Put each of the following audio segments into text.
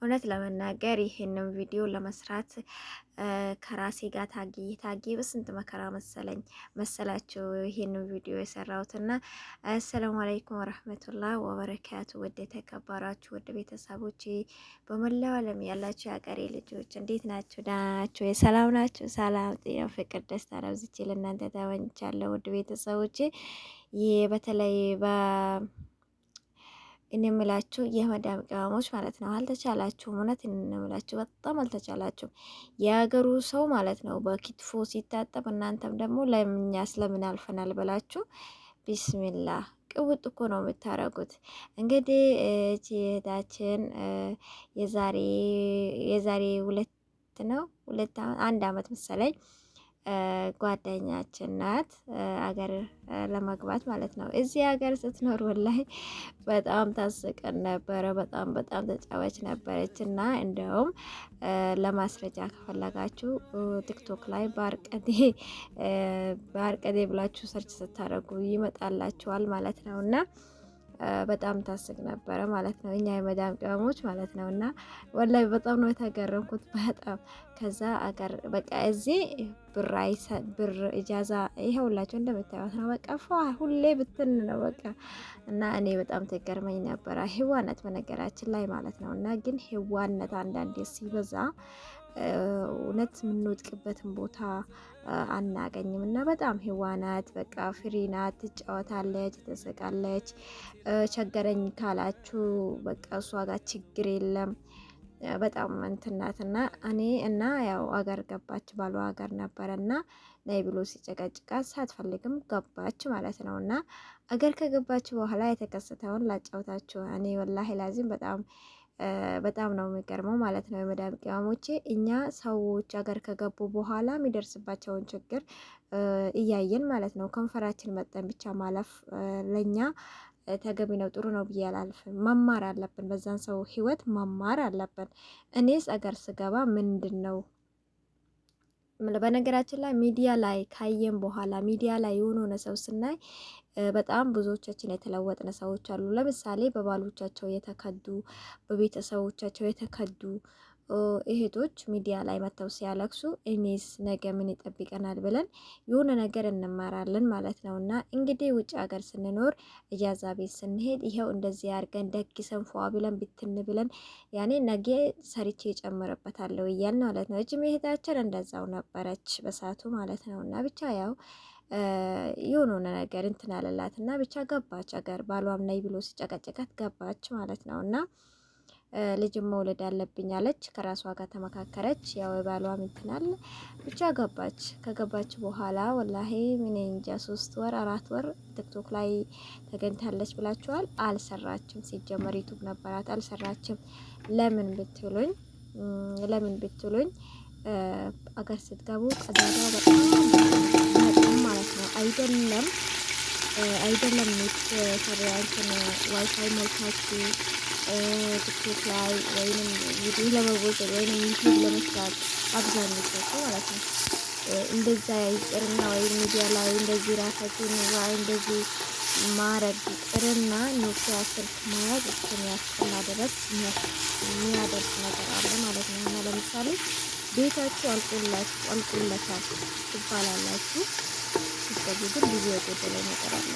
እውነት ለመናገር ይህንን ቪዲዮ ለመስራት ከራሴ ጋር ታጊ ታጊ በስንት መከራ መሰለኝ መሰላችሁ ይህንን ቪዲዮ የሰራሁትና። አሰላሙ አለይኩም ወረህመቱላህ ወበረካቱ። ወደ የተከበራችሁ ወደ ቤተሰቦች በመላው ዓለም ያላችሁ የአገሬ ልጆች እንዴት ናችሁ? ናችሁ የሰላም ናችሁ? ሰላም፣ ጤና፣ ፍቅር፣ ደስታ ለብዝቼ ለእናንተ ተመኝቻለሁ። ወደ ቤተሰቦቼ ይህ በተለይ እንምላችሁ የመዳም ቅመሞች ማለት ነው። አልተቻላችሁም፣ እውነት እንምላችሁ በጣም አልተቻላችሁም። የሀገሩ ሰው ማለት ነው በክትፎ ሲታጠብ፣ እናንተም ደግሞ ለምኛ ስለምን አልፈናል ብላችሁ ቢስሚላ ቅውጥ እኮ ነው የምታረጉት። እንግዲህ እቺ እህታችን የዛሬ ሁለት ነው ሁለት አንድ አመት መሰለኝ ጓደኛችን ናት። አገር ለመግባት ማለት ነው። እዚህ ሀገር ስትኖር ላይ በጣም ታስቀን ነበረ። በጣም በጣም ተጫዋች ነበረች እና እንደውም ለማስረጃ ከፈለጋችሁ ቲክቶክ ላይ በአርቀዴ በአርቀዴ ብላችሁ ሰርች ስታደርጉ ይመጣላችኋል ማለት ነው እና በጣም ታስቅ ነበረ ማለት ነው። እኛ የመዳም ቅመሞች ማለት ነው። እና ወላይ በጣም ነው የተገረምኩት። በጣም ከዛ አገር በቃ እዚህ ብር ብር እጃዛ ይሄ ሁላቸው እንደምታዩት ነው። በቃ ፏ ሁሌ ብትን ነው በቃ እና እኔ በጣም ተገርመኝ ነበረ። ህዋነት በነገራችን ላይ ማለት ነው። እና ግን ህዋነት አንዳንዴ ሲበዛ እውነት የምንወጥቅበትን ቦታ አናገኝም እና በጣም ህዋናት በቃ ፍሪ ናት፣ ትጫወታለች፣ ትስቃለች። ቸገረኝ ካላችሁ በቃ እሷ ጋር ችግር የለም። በጣም እንትናት ናት እና እኔ እና ያው አገር ገባች ባሉ ሀገር ነበረ እና ናይ ብሎ ሲጨቀጭቃ ሳትፈልግም ገባች ማለት ነው። እና አገር ከገባች በኋላ የተከሰተውን ላጫውታችሁ። እኔ ወላሂ ላዚም በጣም በጣም ነው የሚገርመው ማለት ነው። የመዳም ቅመሞቼ እኛ ሰዎች አገር ከገቡ በኋላ የሚደርስባቸውን ችግር እያየን ማለት ነው። ከንፈራችን መጠን ብቻ ማለፍ ለእኛ ተገቢ ነው፣ ጥሩ ነው ብዬ አላልፍም። መማር አለብን፣ በዛን ሰው ህይወት መማር አለብን። እኔስ አገር ስገባ ምንድን ነው በነገራችን ላይ ሚዲያ ላይ ካየን በኋላ ሚዲያ ላይ የሆነ ሰው ስናይ በጣም ብዙዎቻችን የተለወጥነ ሰዎች አሉ። ለምሳሌ በባሎቻቸው የተከዱ፣ በቤተሰቦቻቸው የተከዱ እህቶች ሚዲያ ላይ መጥተው ሲያለቅሱ እኔስ ነገ ምን ይጠብቀናል ብለን የሆነ ነገር እንማራለን ማለት ነው። እና እንግዲህ ውጭ ሀገር ስንኖር እጃዛ ቤት ስንሄድ ይኸው እንደዚህ አድርገን ደግሰን ፏ ብለን ብትን ብለን ያኔ ነገ ሰርቼ እጨምርበታለሁ እያልን ማለት ነው። እጅም እህታችን እንደዛው ነበረች በሳቱ ማለት ነው። እና ብቻ ያው የሆነውን ነገር እንትን አለላት እና ብቻ ገባች አገር ባሏም ነይ ብሎ ሲጨቀጨቀት ገባች ማለት ነው እና ልጅ መውለድ አለብኝ አለች። ከራሷ ጋር ተመካከረች። ያው የባሏ ምትናል ብቻ ገባች። ከገባች በኋላ ወላሄ ምን እንጃ ሶስት ወር አራት ወር ቲክቶክ ላይ ተገኝታለች ብላችኋል። አልሰራችም። ሲጀመር ዩቱብ ነበራት፣ አልሰራችም። ለምን ብትሉኝ ለምን ብትሉኝ አገር ስትገቡ ቀዳዳ በጣም ማለት ነው አይደለም አይደለም፣ ሚት ሰሪያንትን ዋይፋይ ሞልታችሁ ቲክቶክ ላይ ወይም ዩቲዩብ ለመወሰድ ወይም ዩቲዩብ ለመስራት አብዛኞቻቸው ማለት ነው እንደዛ ይቅርና ወይም ሚዲያ ላይ እንደዚህ ራሳችን ዋ እንደዚህ ማረግ ይቅርና ኖኪያ ስልክ መያዝ እስከሚያስጠላ ድረስ የሚያደርግ ነገር አለ ማለት ነው። እና ለምሳሌ ቤታችሁ አልቆለታል ትባላላችሁ፣ ስትገቡ ግን ብዙ የጎደለ ነገር አለ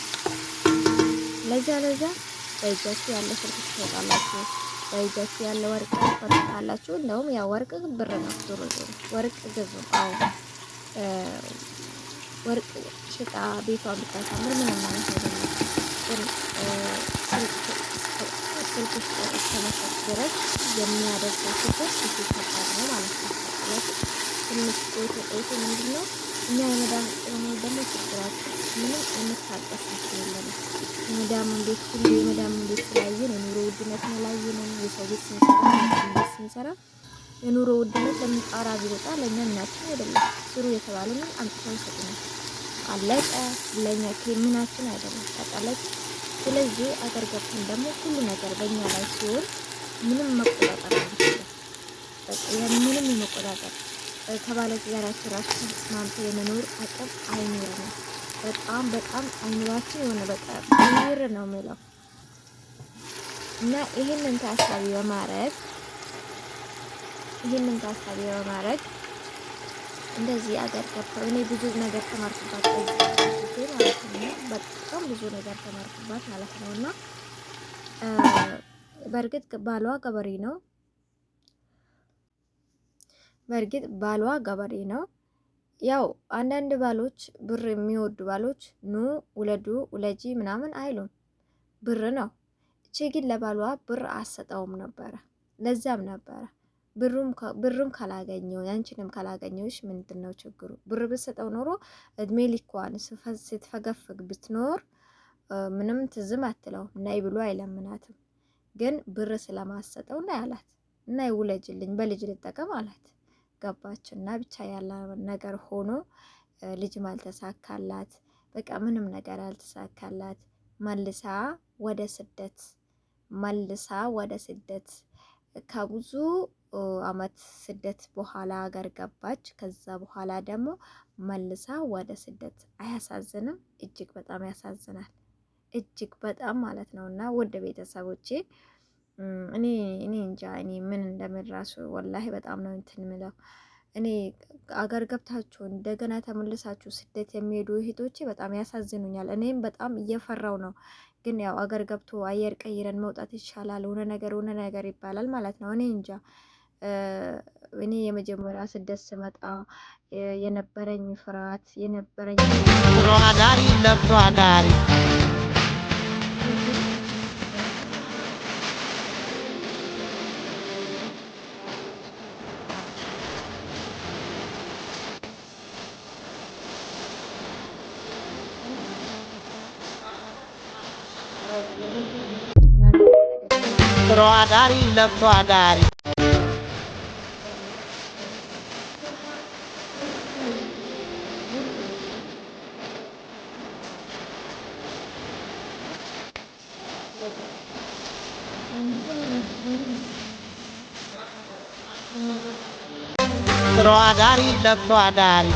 ለዛ ለዛ በእጃችሁ ያለ ስልክ ትሸጣላችሁ፣ በእጃችሁ ያለ ወርቅ ትፈጥታላችሁ። እንደውም ያ ወርቅ ብር ነው፣ ዞሮ ዞሮ ወርቅ ግዙ። አዎ ወርቅ ሽጣ ቤቷ ብታሳምር ምንም ማለት አይደለም። ስልክ እስከመሸጥ ድረስ የሚያደርገው ስኮት ይፈጣል ነው ማለት ነው። ትንሽ ቆይቶ ቆይቶ ምንድነው እኛ የመዳም ጥቅሞ ደግሞ ችግራችን ምንም የምታቀሳቸው የለም። የመዳም እንዴት ሁሉ የመዳም እንዴት ነው የኑሮ ውድነት ነው የሰው ቤት ስንሰራ ቤት ስንሰራ የኑሮ ውድነት ለሚጣራ ቢወጣ ለእኛ ምናችን አይደለም። ስሩ የተባለን አምጥተው ይሰጡናል። አለቀ። ለእኛ ምናችን አይደለም። አቃለች። ስለዚህ አገር ገብተን ደግሞ ሁሉ ነገር በእኛ ላይ ሲሆን ምንም መቆጣጠር አንችልም። ምንም የመቆጣጠር ከባለ ትዳራችን ራሱ ተስማምቶ የመኖር አቅም አይኖረንም። በጣም በጣም አይኑራችን የሆነ በቃ ምር ነው የሚለው እና ይህንን ታሳቢ በማድረግ ይህንን ታሳቢ በማድረግ እንደዚህ አገር ገብተው እኔ ብዙ ነገር ተማርኩባት ማለት ነው። በጣም ብዙ ነገር ተማርኩባት ማለት ነው እና በእርግጥ ባሏ ገበሬ ነው። በእርግጥ ባሏ ገበሬ ነው። ያው አንዳንድ ባሎች ብር የሚወዱ ባሎች ኑ ውለዱ ውለጂ ምናምን አይሉም፣ ብር ነው። እቺ ግን ለባሏ ብር አሰጠውም ነበረ። ለዛም ነበረ ብርም ካላገኘው ያንቺንም ካላገኘውሽ ምንድን ነው ችግሩ? ብር ብሰጠው ኖሮ እድሜ ልኳን ስትፈገፍግ ብትኖር ምንም ትዝም አትለውም። ናይ ብሎ አይለምናትም። ግን ብር ስለማሰጠው ናይ አላት። ናይ ውለጅልኝ በልጅ ልጠቀም አላት። ገባች እና ብቻ ያለ ነገር ሆኖ ልጅም አልተሳካላት። በቃ ምንም ነገር አልተሳካላት። መልሳ ወደ ስደት መልሳ ወደ ስደት ከብዙ አመት ስደት በኋላ ሀገር ገባች። ከዛ በኋላ ደግሞ መልሳ ወደ ስደት። አያሳዝንም? እጅግ በጣም ያሳዝናል። እጅግ በጣም ማለት ነው እና ውድ ቤተሰቦቼ እኔ እኔ እንጃ እኔ ምን እንደምራሱ ወላሂ በጣም ነው እንትን ምለው እኔ አገር ገብታችሁ እንደገና ተመልሳችሁ ስደት የሚሄዱ እህቶቼ በጣም ያሳዝኑኛል። እኔም በጣም እየፈራው ነው። ግን ያው አገር ገብቶ አየር ቀይረን መውጣት ይሻላል። ሆነ ነገር ሆነ ነገር ይባላል ማለት ነው። እኔ እንጃ እኔ የመጀመሪያ ስደት ስመጣ የነበረኝ ፍርሃት የነበረኝ ለብቶ አዳሪ ጥሩ አዳሪ ለብቶ አዳሪ ጥሩ አዳሪ ለብቶ አዳሪ